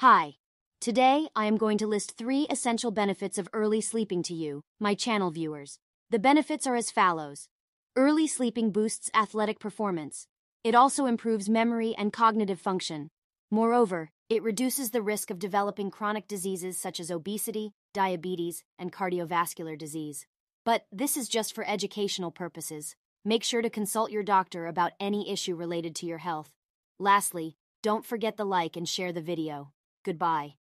Hi. Today, I am going to list three essential benefits of early sleeping to you, my channel viewers. The benefits are as follows. Early sleeping boosts athletic performance. It also improves memory and cognitive function. Moreover, it reduces the risk of developing chronic diseases such as obesity, diabetes, and cardiovascular disease. But this is just for educational purposes. Make sure to consult your doctor about any issue related to your health. Lastly, don't forget the like and share the video. Goodbye